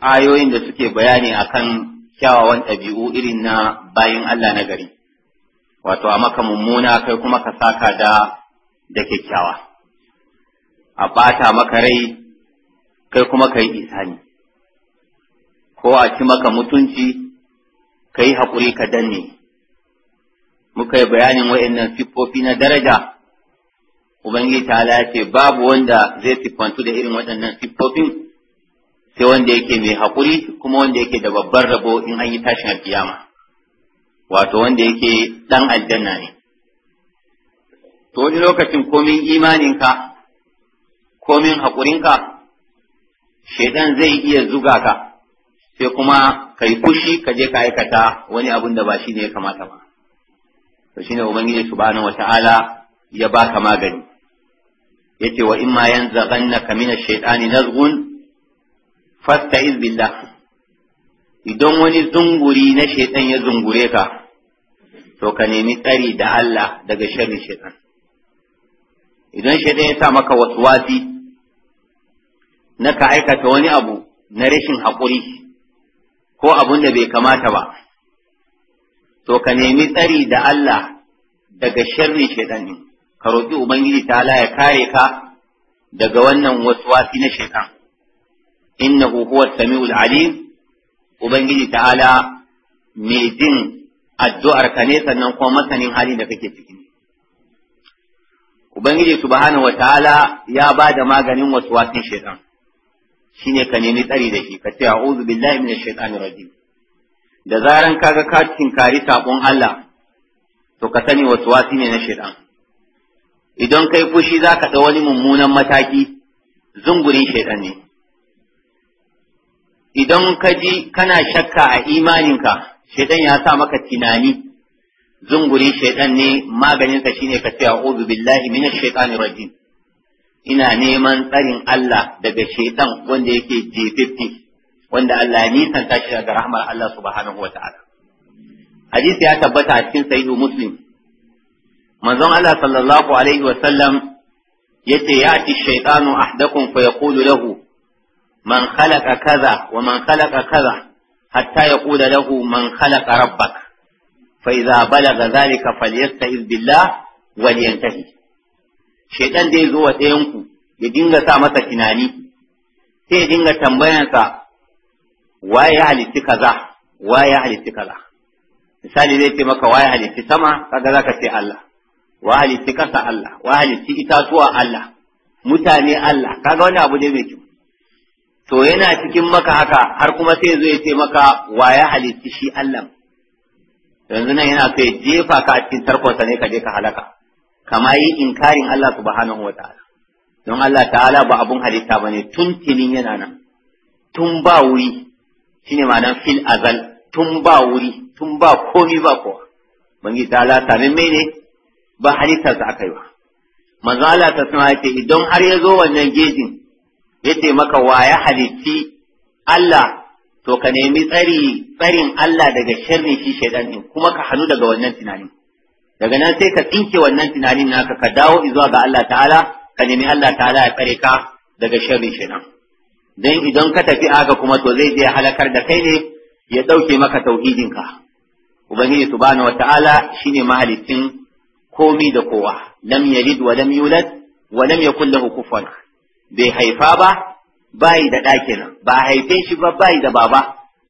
ayoyin da suke bayani akan kyawawan ɗabi'u irin na bayin Allah na gari wato a maka mummuna kai kuma ka saka da da kyakkyawa a ɓata maka rai kai kuma ka yi isani ko a ci maka mutunci ka yi haƙuri ka danne muka yi bayanin wa'annan siffofi na daraja ubangiji ta ya ce babu wanda zai siffantu da irin waɗannan siffofin sai wanda yake mai haƙuri kuma wanda yake da babban rabo in an yi tashin alkiyama wato wanda yake ɗan aljanna ne to wani lokacin komin imaninka komin haƙurinka shaidan zai iya zuga ka sai kuma kai kushi ka je ka aikata wani abun da ba shi ne ya kamata ba to shine ubangiji subhanahu wataala ya baka magani yace wa imma yanzaghannaka min ash-shaytani nazghun fasta'iz billah idan wani zunguri na shaitan ya zungure ka to ka nemi tsari da Allah daga sharrin shaitan idan shaitan ya sa maka waswasi na ka aikata wani abu na rashin haƙuri ko abun da bai kamata ba to ka nemi tsari da Allah daga sharri shaitan ɗin ka roƙi ubangiji ta'ala ya kare ka daga wannan waswasi na shaitan innahu huwa samiul alim ubangiji ta'ala mai jin addu'ar ka ne sannan kuma masanin hali da kake ciki ubangiji subhanahu wataala ya bada da maganin waswasin shaitan Shi ne ka nemi tsari da shi ka ce a'udhu billahi minash shaitanir rajim da zaran kaga ka kari sabon Allah to ka sani wasu wasi ne na shaitan idan kai fushi ka ɗau wani mummunan mataki zungurin shaitan ne idan ka ji kana shakka a imaninka shaitan ya sa maka tunani zungurin shaitan ne maganinsa shine ka ce a'udhu billahi minash shaitanir rajim ina neman tsarin Allah daga shaitan wanda yake jefeffe wanda Allah ya nisan tashi daga rahmar Allah subhanahu wa ta'ala hadisi ya tabbata a cikin sahihu muslim manzon Allah sallallahu alaihi wa sallam yace ya'ti shaytanu ahdakum fa yaqulu lahu man khalaqa kaza wa man khalaqa kaza hatta yaqula lahu man khalaqa rabbak fa idza balaga dhalika falyasta'iz billah ولينتهي shaitan zai zo wa ɗayanku ya dinga sa masa tunani sai ya dinga tambayansa waye ya halitti kaza waye ya halitti kaza misali zai ce maka waye halitti sama kaga zaka ce Allah wa halitti kasa Allah wa halitti itatuwa Allah mutane Allah kaga wani abu ne mai to yana cikin maka haka har kuma sai zo ya ce maka wa ya halitti shi Allah yanzu nan yana so ya jefa ka a cikin tarkonsa ne ka je ka halaka kama yi inkarin Allah subhanahu wa ta'ala don Allah ta'ala ba abun halitta ba ne tun tinin yana nan tun ba wuri shine ma'anar fil azal tun ba wuri tun ba komi ba kowa bangi ta'ala ta mai ne ba halittar sa aka yi ba manzo Allah ta sanar ce idan har ya zo wannan gejin ya maka wa ya halitti Allah to ka nemi tsari tsarin Allah daga sharri shi shaidan din kuma ka hanu daga wannan tunanin daga nan sai ka tsinke wannan tunanin naka ka dawo zuwa ga Allah ta'ala ka nemi Allah ta'ala ya tsare ka daga sharrin shi nan dan idan ka tafi haka kuma to zai je halakar da kai ne ya dauke maka tauhidin ka ubangiji subhanahu wata'ala shine mahalicin komi da kowa lam yalid wa lam yulad wa lam yakul lahu kufuwan bai haifa ba bai da ɗakina ba haife shi ba bai da baba